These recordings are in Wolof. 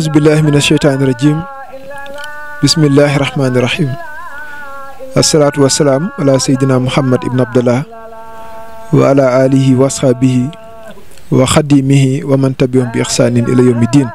aousubillahi min alihi wa wa xadimihi wa man tabi'um bi ixsaanin ila yawmi diin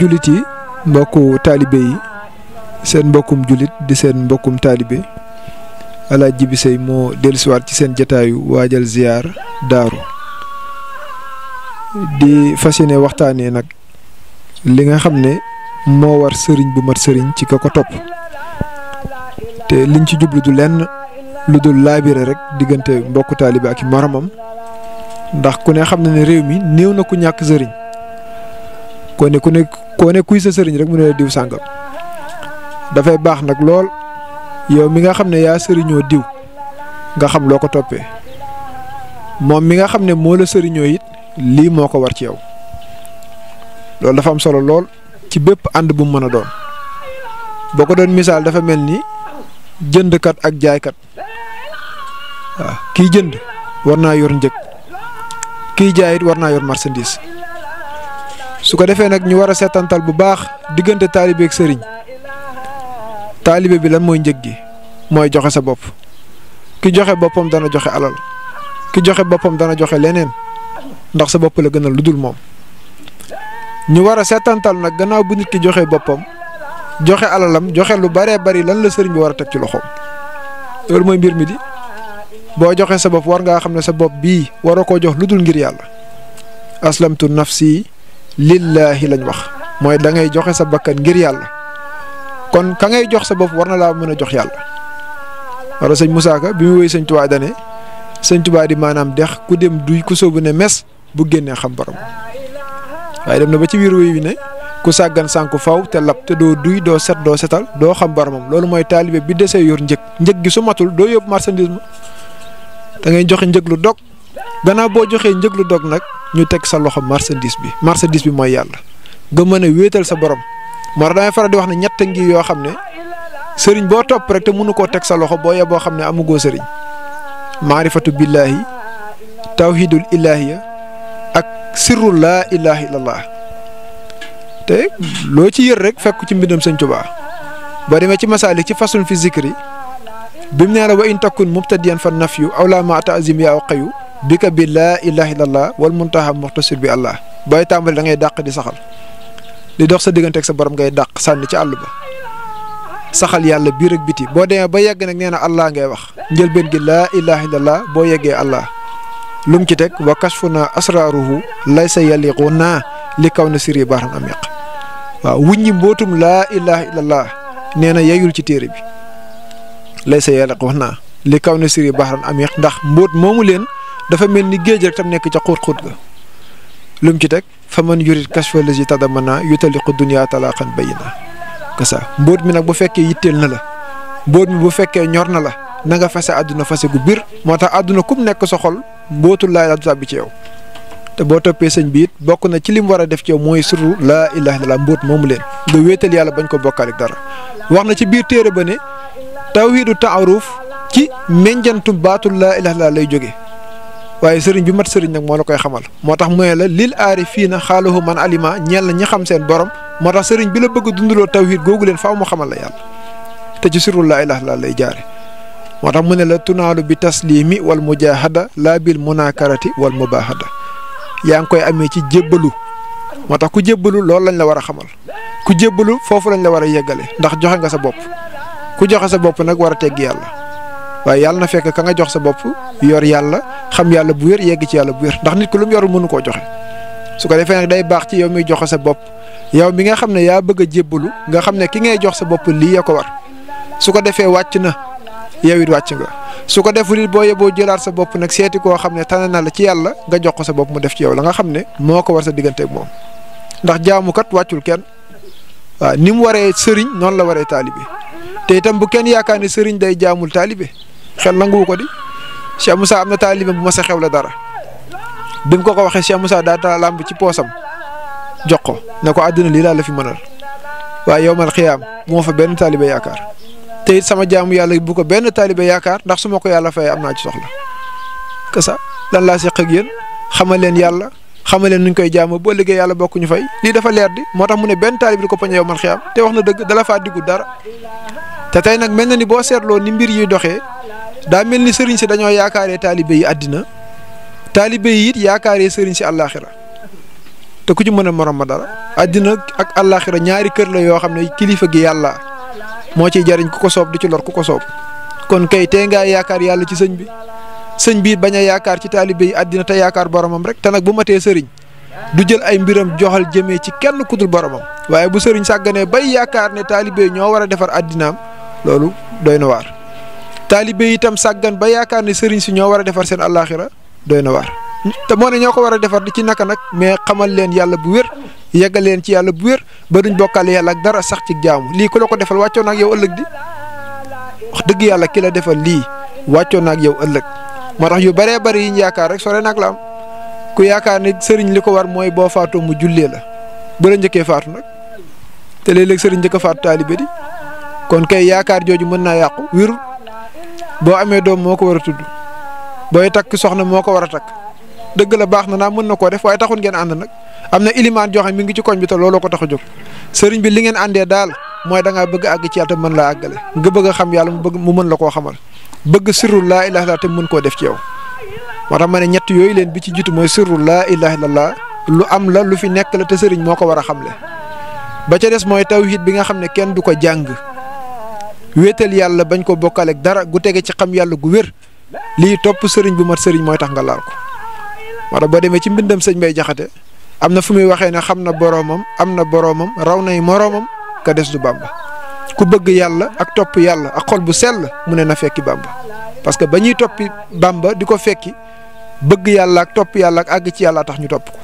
jullit yi mbokku taalibe yi seen mbokkum jullit di seen mbokkum taalibe alaaj jibi sey moo dellusiwaat ci seen jataayu waajal ziyaar daaru di fas yéene nag li nga xam ne moo war sëriñ bu mat sëriñ ci ka ko topp te liñ ci jublu du lenn lu dul laabire rek diggante mbokku taalibe ak i moromam ndax ku ne xam na ne réew mi néew na ku ñàkk sëriñ koo ne ku ne koo ne kuy sa sëriñ rek mu ne la diw sàngam dafay baax nag lool yow mi nga xam ne yaa sëriñoo diw nga xam loo ko toppee moom mi nga xam ne moo la sëriñoo it lii moo ko war ci yow. loolu dafa am solo lool ci bépp ànd bu mën a doon boo ko doon misaal dafa mel ni jëndkat ak jaaykat waaw kiy jënd war naa yor njëg kiy jaayit war naa yor marchandise su ko defee nag ñu war a seetantal bu baax diggante taalibe ak sëriñ taalibe bi lan mooy njëg gi mooy joxe sa bopp ki joxe boppam dana joxe alal ki joxe boppam dana joxe leneen ndax sa bopp la gënal lu ñu wara sétantal nak gannaaw bu nit ki joxé bopam joxé alalam joxé lu baree bari lan la sëriñ bi wara tek ci loxom loolu moy mbir mi di bo joxé sa bop war nga xamné sa bop bi wara ko jox luddul ngir yalla aslamtu nafsi lillahi lañ wax moy da ngay joxé sa bakkan ngir yalla kon ka ngay jox sa bop war na la mëna jox yalla wala sëriñ musa Ka bi mu di manam dex ku dem duy ku soobu né mes bu génné xam borom waye dem na ba ci wir wi ne ku sàggan sanku faw te lap te do duy do set do setal do xam boromam lolou moy talibé bi déssé yor njëg njëg gi su matul do yob marchandisme da ngay joxe njëg lu dog gana bo joxe njëg lu dog nak ñu tek sa loxo marchandisme bi marchandisme bi moy yalla ga mëna wétal sa borom moo damay faral di wax ne ñatt ngi yo xamne sëriñ rek te mënu ko tek sa loxo ya bo xamne amu go sëriñ maarifatu billahi tawhidul ilahiyya ak sirru la ilaha illallah te lo ci yër rek fekk ci mbindam sëñ Tuubaa ba demé ci masali ci fasul fi zikri bim wa in takun mubtadiyan fa nafyu aw la ma ta'zim ya qayu bika bi la ilaha illallah wal muntaha muxtasir bi allah bay tambal da ngay dàq di saxal di dox sa diggante ak sa borom ngay dàq sànni ci àll ba saxal yalla bi rek biti bo demé ba yegg nak allah ngay wax ben gi la ilaha illallah bo yeggee allah lu ci teg wa kashfu lay asraaruhu laysa yaliqu naa li kaw na siri baaxan am yàq waaw wuññi mbootum laa ilaha illallah nee na yayul ci téere bi laysa yaliqu naa li kaw na siri baaxan am yàq ndax mbóot moomu leen dafa mel ni géej rek tam nekk ca xóot xóot ga lu ci teg fa man yurid kashfa lazi tadamana yutaliqu dunya talaqan bayina kasa mbóot mi nag bu fekkee yitteel na la mbóot mi bu fekkee ñor na la na nga fase àdduna fase gu moo tax àdduna kum nekk sa mbootul laa ilaaha illallah bi ci yow te boo toppee sëñ bi bokk na ci lim war a def ci yow mooy suru laa ilaaha illallah mbóot moomu leen nga wéetal yàlla bañ ko bokkaale dara wax na ci biir téere ba ne tawhiidu taaruf ci menjantu baatul laa ilaaha laa lay jóge waaye sëriñ bi mat sëriñ nag moo la koy xamal moo tax mooy la lil aarifiina xaalahu man alima ñeel na ñi xam seen borom moo tax sëriñ bi la bëgg dundaloo tawhiid googu leen faaw mu xamal la yàlla te ci suru laa ilaaha illallah lay jaare wata mu la tunalu bi taslimi wal mujahada labil bil munakarati wal mubahada Yang koy amé ci jébbalu moo ku jébbalu lol lañ la wara xamal ku jébbalu fofu lañ la wara yegalé ndax joxe nga sa bop ku joxe sa bop nak wara tegg yalla waaye yalla na fekk ka nga jox sa bop yor yalla xam yalla bu wér yegg ci yalla bu ndax nit ku yor mu nu ko joxe su ko defé nak day bax ci yow mi joxe sa bop yow mi nga xamné ya bëgg a nga xamné ki ngay jox sa bop li ya ko war su ko defé na yow wacc nga su ko deful it boo yeboo jëlaat sa bop nak seti ko xamne tanana na la ci yalla nga jox ko sa bop mu def ci yow la nga xamne moko war sa ak mom ndax jaamu kat waccul ken wa nim waré sëriñ non la waré taalibe té itam bu ken yaakaar ne day jaamul talibé xel nangou ko di Cheikh Moussa amna talibé bu ma sa xewla dara bim ko ko waxe Cheikh Moussa da ta lamb ci posam jox ko nako aduna la fi mënal wa yawmal qiyam mo fa ben talibé yakar te it sama jaamu yàlla bu ko benn taalibe yaakaar ndax su ma ko yàlla fay am naa ci soxla que ça lan laa seq ak yéen xamal leen yàlla xamal leen nuñ koy jaamu boo liggéey yàlla bokk ñu fay lii dafa leer di moo tax mu ne benn taalib di ko poñe yow man xiyaam te wax na dëgg dala faa diggu dara. te tey nag mel na ni boo seetloo ni mbir yi doxee daa mel ni sëriñ si dañoo yaakaaree taalibe yi àddina taalibe yi it yaakaaree sëriñ si àllaaxira te ku ci mën a morom ma dara àddina ak àllaaxira ñaari kër la yoo xam ne kilifa gi yàlla moo ciy jariñ ku ko soob du ci lor ku ko soob kon kay tee ngaa yaakaar yàlla ci sëñ bi sëñ bi bañ a yaakaar ci taalibe yi àddina te yaakaar boromam rek te nag bu matee sëriñ du jël ay mbiram joxal jëmee ci kenn kudul boromam waaye bu sëriñ sàgganee bay yaakaar ne taalibe yi ñoo war a defar àddinaam loolu doy na waar taalibe yi itam sàggan ba yaakaar ne sëriñ si ñoo war a defar seen àllaaxira doy na waar te moo ne ñoo ko war a defar di ci naka nag mais xamal leen yàlla bu wér yeggal leen ci yàlla bu wér ba duñ bokkaale yàlla ak dara sax ci jaamu lii ku la ko defal wàccoon ak yow ëllëg di wax dëgg yàlla ki la defal lii wàccoon ak yow ëllëg moo tax yu bëree bëri yi yaakaar rek sore nag la am ku yaakaar ne sëriñ li ko war mooy boo faatoo mu jullee la bu la njëkkee faatu nag te léeg-léeg sëriñ njëkk a faatu taalibe di kon kay yaakaar jooju mën naa yàqu wéru boo amee doom moo ko war a tudd booy takk soxna moo ko war a takk dëgg la baax na naa mën na koo def waaye taxul ngeen ànd nag am na ilimaan joxe mi ngi ci koñ bi te looloo ko tax a jóg sëriñ bi li ngeen àndee daal mooy da bëgg àgg ci yàlla te mën laa àggale nga bëgg a yàlla mu bëgg mu mën la koo xamal bëgg sirru laa ilaha illallah te mën koo def ci yow moo tax ma ne ñett yooyu leen bi ci jiitu mooy sirru laa ilaha illallah lu am la lu fi nekk la te sëriñ moo ko war a xamle ba ca des mooy tawhid bi nga xam ne kenn du ko jàng wéetal yàlla bañ ko bokkaleek dara gu tege ci xam yàlla gu wér lii topp sëriñ bu mat sëriñ mooy tax nga laal wala bo demé ci mbindam seigne mbey Jaxate fumi na waxé na rawna am amna boroomam raw nay ka dess du bamba ku bëgg yalla ak top yalla ak xol bu sel mu na fekki bamba parce que bañuy topi bamba diko di fekki bëgg yalla ak top yalla ak ag ci yalla tax ñu top ko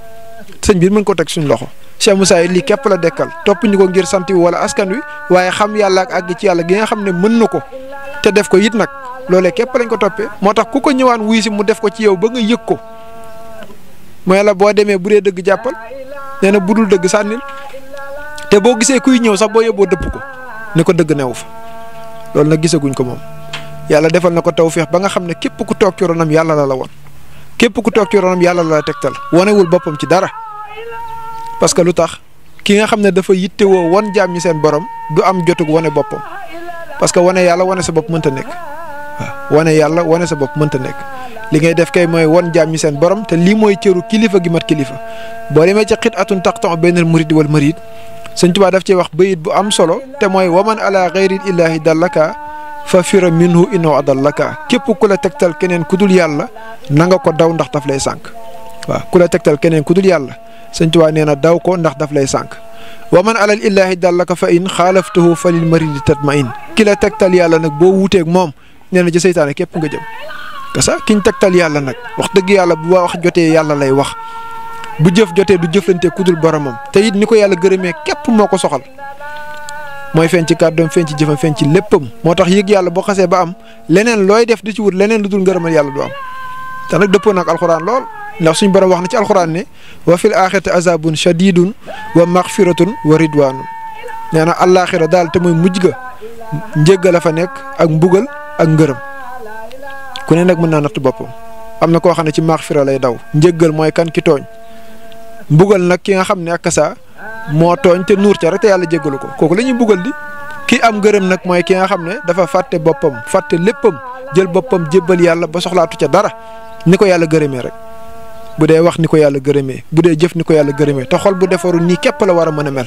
seigne bi mën ko tek suñu loxo Cheikh Moussa yi la dekkal top ñu ngir santi wala askan wi waye xam yalla ak geng ci yalla gi nga xam mën nako ko te def ko yit nak lolé képp lañ ko topé motax kuko wuy si mu def ko ci yow ba nga mooy la boo demee bu dee dëgg jàppal nee na bu dul dëgg sànnil te boo gisee kuy ñëw sax boo yóbboo dëpp ko ni ko dëgg newu fa loolu nag gisaguñ ko moom. yàlla defal na ko tawféex ba nga xam ne képp ku toog ci ronam yàlla la la woon képp ku toog ci ronam yàlla la la tegtal wonewul boppam ci dara parce que lu tax ki nga xam ne dafa yittewoo won jaam ñi seen borom du am jotug wane boppam parce que wane yàlla wane sa bopp mënta nekk. wane yàlla wane sa bopp mënta nekk li ngay def kay mooy won jaam ñi seen borom te lii mooy cëru kilifa gi mat kilifa boo demee ci xit atun taqton benn murid wal marid sëñ Tuubaa daf ci wax bayit bu am solo te mooy waman ala xeyri illaahi dallaka fa fira minhu innahu adallaka képp ku la tegtal keneen ku dul yàlla na nga ko daw ndax daf lay sànq waaw ku la tegtal keneen ku dul yàlla sëñ Tuubaa nee na daw ko ndax daf lay sànq wa man alal illaahi dallaka fa in xaalaftuhu fa lil maridi tatmain ki la tegtal yàlla nag boo wuuteeg moom nee ci seytane kep nga jëm kasa kiñ tektal yàlla nak wax deug yàlla bu wax jotee yàlla lay wax bu jëf jotee du jëfënte kudul boromam te yit niko yàlla gëreme kep moko soxal moy fën ci kàddoom fën ci jëfam fën ci léppam motax tax yàlla bo xasse ba am leneen loy def du ci wut leneen dudul dul yàlla du am te nak depp nak alquran lol ndax suñu borom wax na ci alquran ne wa fil akhirati azabun shadidun wa maghfiratun wa ridwanun nee na àllaaxira daal te moy mujj ga njëggal fa nek ak mbugal ak ngërëm ku ne nag mën naa natt boppam am na koo xam ne ci maxfira lay daw njëggal mooy kan ki tooñ mbugal nag ki nga xam ne ak kasa moo tooñ te nuur ca rek te yàlla jéggalu ko kooku la ñuy buggal di ki am ngërëm nag mooy ki nga xam ne dafa fàtte boppam fàtte léppam jël boppam jébbal yàlla ba soxlaatu ca dara ni ko yàlla gërëmee rek bu dee wax ni ko yàlla gërëmee bu dee jëf ni ko yàlla gërëme te xol bu defaru nii képp la war a mën a mel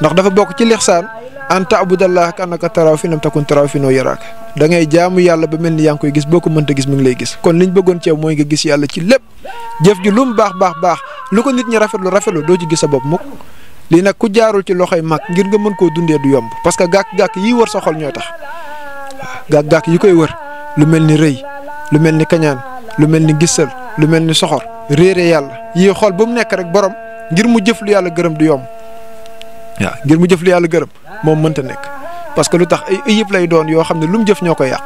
ndax dafa an taabudallah ka annaka taraw fi nam takun taraw fi noo yaraaka da jaamu yàlla ba mel ni yaa ngi koy gis boo ko mënta gis mu ngi lay gis kon ñu bëggoon ceew mooy nga gis yàlla ci lépp jëf ji lu mu baax baax baax lu ko nit ñi rafet lu rafetlu doo ci gis sa bopp mukk lii nag ku jaarul ci loxoy mag ngir nga mën koo dundee du yomb parce que gàkk-gàkk yi wër sa xol ñoo tax gàkk-gàkk yi koy wër lu mel ni rëy lu mel ni kañaan lu mel ni gisal lu mel ni soxor réere yàlla xool ba mu nekk rek borom ngir mu jëf yàlla gërëm du yomb waaw ngir mu jëf li yàlla gërëm moom mënta nekk parce que lu tax ay yëpp lay doon yoo xam ne lu mu jëf ñoo ko yàq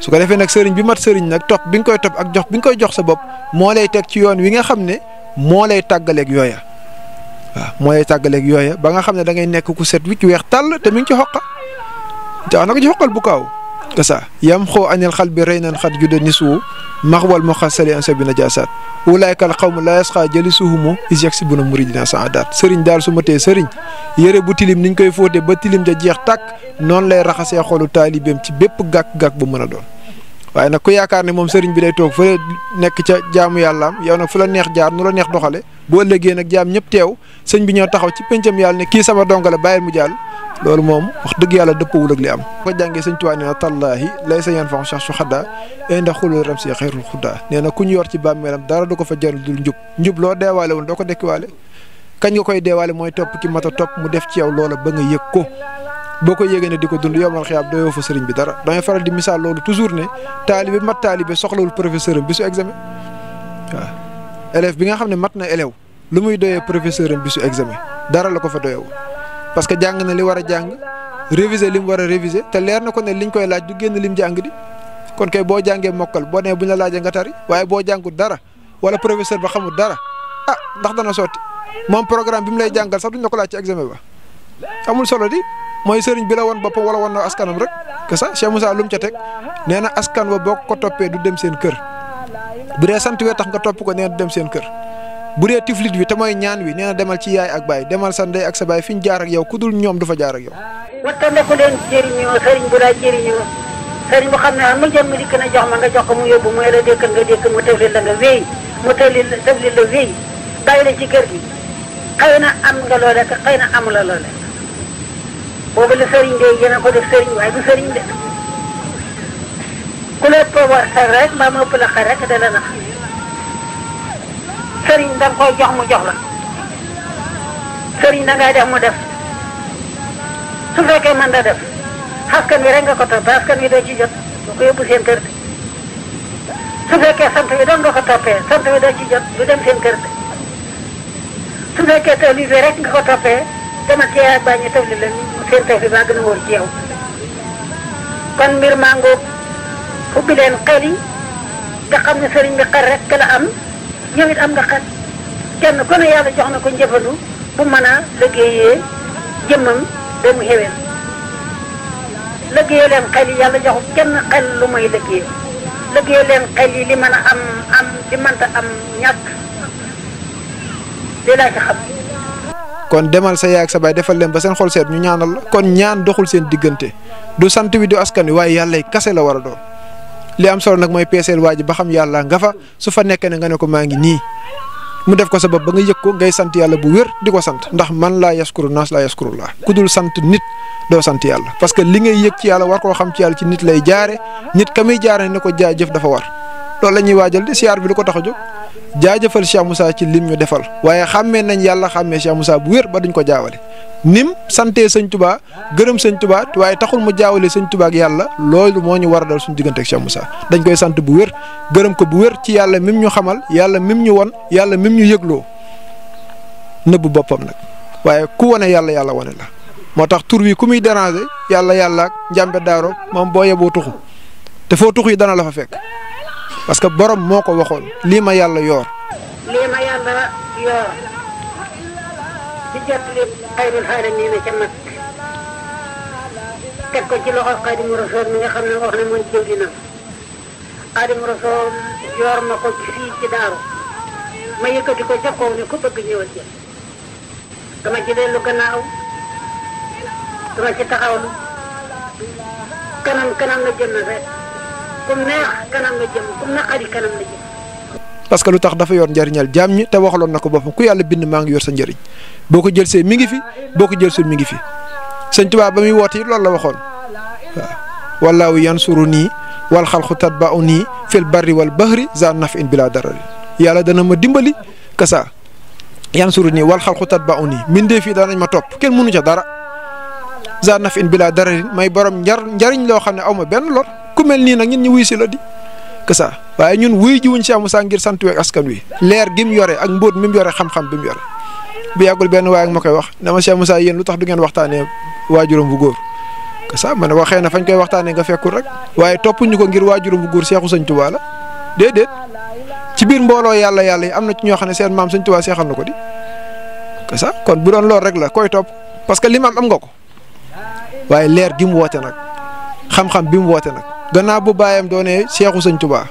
su ko defee nag sëriñ bi mat sëriñ nag topp bi nga koy topp ak jox bi nga koy jox sa bopp moo lay teg ci yoon wi nga xam ne moo lay tàggaleeg yooya waaw moo lay tàggaleeg yooya ba nga xam ne da ngay nekk ku set wicc weex tàll te mi ngi ci xoqa jox na ko ci xoqal bu kaaw yam xal bi rey na ni كسا يمخو عن القلب رينا قد جد نسو مغوى المخسل أنسى بنجاسات أولئك القوم لا يسقى جلسهم إذ يكسبون مريدنا سعادات سرين دال سمتي سرين yére bu tilim niñ koy fóote ba tilim ja jeex tàkk noonu lay raxasee xolu taalibeem ci bépp gàkk-gàkk bu mën a doon waaye nag ku yaakaar ne moom sëriñ bi day toog fële nekk ca jaamu yàllaam yow nag fu la neex jaar nu la neex doxale boo ëllëgee nag jaam ñëpp teew sëñ bi ñoo taxaw ci péncam yàlla ne kii sama donga la bàyyil mu jàll loolu moom wax dëgg yàlla dëppawul ak li am ko jàngee sëñ Tuubaa nee na tallaahi lay sa yan fan sax su xaddaa inda xulul ram si xayrul xuddaa nee na ku ñu yor ci bàmmeelam dara du ko fa jëriñ dul njub njub loo deewaale woon doo ko dekkiwaale kañ nga koy deewaale mooy topp ki mat a topp mu def ci yow loola ba nga yëg ko boo ko yégée ne di ko dund yomal xiyaab doyoo fa sëriñ bi dara damay faral di misaal loolu toujours ne taalibe mat taalibe soxlawul professeur am bi su examen waaw élève bi nga xam ne mat na élève lu muy doyee professeur am bi su examen dara la ko fa doyewu parce que jang na li wara jang réviser lim wara réviser té lér na ko né liñ koy laaj du génn lim jang di kon kay bo jangé mokal bo né buñ la laaj nga tari waye bo dara wala professeur ba xamul dara ah ndax dana soti mom programme bim lay jangal sax duñ ko laaj ci examen ba amul solo di moy serigne bi la won bop wala won askanam rek que ça Cheikh Moussa lum ca askan wa bok ko topé du dem sen kër bu dé sant wé tax nga top ko dem sen kër bu dee tiflit bi te mooy ñaan wi nee na demal ci yaay ak baay demal sa ndey ak sa baay fi ñu jaar yow ku dul ñoom du fa jaar ak yow. wattandiku leen jëriñoo sëriñ bu sëriñ bu la dékkal nga dékk mu la nga la wéy bàyyi la ci kër gi xëy na am nga loole te xëy na amula loole boobu la sëriñ de yéen a ko sëriñ waaye du sëriñ de ku la poobar xar rek mbaa ma ëpp la xar rek dana nax sëriñ da nga koy jox mu jox la sëriñ da def mu def su fekkee man da def askan wi rek nga ko toppee askan wi doo ci jot seen kër su fekkee sant bi da nga ko toppee sant bi doo ci jot du dem seen kër su fekkee taalif rek nga ko toppee dama cee yaay bàyyi ñu taalif la seen taalif bi gën a wóor ci yow kon mbir maa ngoog ubbi leen xel yi nga xam sëriñ bi xel rek la am. ñoom it am nga xat kenn ku ne yàlla jox na ko njëfandu bu mën a lëggéeyee jëmmam ba mu xewee lëggéeyee leen xel yi yàlla joxu kenn xel lu muy liggéey lëggéeyee leen xel yi li mën a am am li mënta am ñàkk li laa ci xam kon demal sa yaay ak sa baay defal leen ba seen xol seet ñu ñaanal la kon ñaan doxul seen diggante du sant bi du askan wi waaye yàlla kase la war a doon li am solo nag mooy peeseel waa ji ba xam yàlla nga fa su fa nekkee ne nga ne ko maa ngi nii mu def ko sa bopp ba nga yëg ko ngay sant yàlla bu wér di ko sant ndax man laa yaskuru naas laa yaskuru laa ku dul sant nit doo sant yàlla parce que li ngay yëg ci yàlla war koo xam ci yàlla ci nit lay jaare nit ka muy jaare ne ko jaajëf dafa war loolu la ñuy waajal di siyaar bi lu ko tax a jóg jaajëfal Cheikh Moussa ci lim ñu defal waaye xàmmee nañ yàlla xàmmee Cheikh Moussa bu wér ba duñ ko jaawale nim sante sëñ tubaa gërëm sëñ tubaa waaye taxul mu jaawale sëñ tubaa ak yàlla loolu moo ñu war a dal suñu diggante ak Cheikh Moussa dañ koy sant bu wér gërëm ko bu wér ci yàlla mim ñu xamal yàlla mim ñu won yàlla mim ñu yëgloo nëbb boppam nag waaye ku wone yàlla yàlla wone la moo tax tur wi ku muy déranger yàlla yàlla ak njàmbe daaro moom boo yeboo tuxu te foo tuxu yi dana la fa fekk parce que borom moo ko waxoon lii ma yàlla yoor di jàppale xayrul xaalamiin ca mag teg ko ci loxo Xaadimu Rasuul mi nga xam ne wax na mooy jëwrinam mu Rasuul yor ma ko fii ci ma yëkkati ko ca kaw ne ku bëgg ñëwal jël dama ci dellu gannaaw dama ci taxawlu kanam kanam la jëm rek kum neex kanam la jëm kum naqari kanam la jëm parce que lu tax dafa yoon njëriñal jaam ñi te waxaloon na ko boppam ku yàlla bind maa ngi yor sa njëriñ boo ko jël see mi ngi fi boo ko jël sul mi ngi fi sëñ Tuubaa ba muy wootee yi loolu la waxoon waaw wallaahu yansuru nii wal xalqu tatba'u nii fil barri wal bahri za nafin bila darari yàlla dana ma dimbali kasa yansuru nii wal xalqu tatba'u nii mbindee fii danañ ma topp kenn mënu ca dara za nafin bila dararin may borom njar njariñ loo xam ne aw ma benn lor ku mel nii nag ñun ñu wuy si la di que ça waaye ñun wuy ji wuñ Cheikh Moussa ngir sant wek askan wi leer gi mu yore ak mbot mi mu yore xam-xam bi mu yore bu yagul ben way ak makay wax dama Cheikh Moussa yeen lutax du ngeen waxtane wajurum bu goor que ça ma ne na fañ koy waxtane nga fekkul rek waye topu ñuko ngir wajurum bu goor touba la dedet ci bir mbolo yalla yalla yi ci ño xane seen mam seigne touba di que kon bu don lool rek la koy top parce que limam am nga ko waye leer gi mu nak xam-xam bi mu nak gannaaw bu baayam doonee seexu sëñ tubaa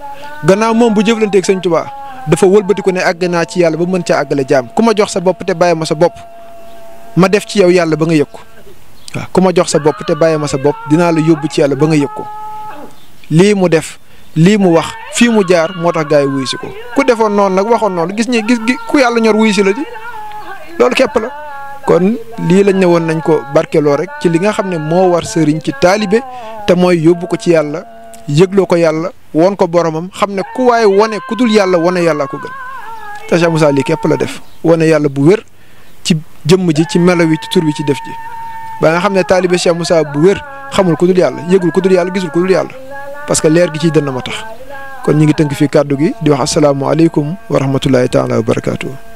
gannaaw moom bu jëflanteeg sëñ tubaa dafa wëlbatiku ne àgg naa ci yàlla ba mën caa àggale jaam ku ma jox sa bopp te bàyyi ma sa bopp ma def ci yow yàlla ba nga yëg ko ku ma jox sa bopp te bàyyi ma sa bopp dinaa la yóbbu ci yàlla ba nga yëg ko lii mu def lii mu wax fii mu jaar moo tax gaay yi wuyu si ko ku defoon noonu nag waxoon noonu gis ñi gis ku yàlla ñor wuyu si la di loolu képp la. kon lii lañ ne woon nañ ko barkeloo rek ci li nga xam ne moo war sëriñ ci taalibe te mooy yóbbu ko ci yàlla yëgloo ko yàlla won ko boromam xam ne ku waaye wane ku dul yàlla wane yàlla ko gën te Cheikh Moussa lii képp la def wane yàlla bu wér ci jëmm ji ci melo wi ci tur wi ci def ji ba nga xam ne taalibe Cheikh saa bu wér xamul ku dul yàlla yëgul ku dul yàlla gisul ku dul yàlla parce que leer gi ciy dënn ma tax kon ñu ngi tënk fii kàddu gi di wax asalaamualeykum wa rahmatullahi taala wa barakaatu.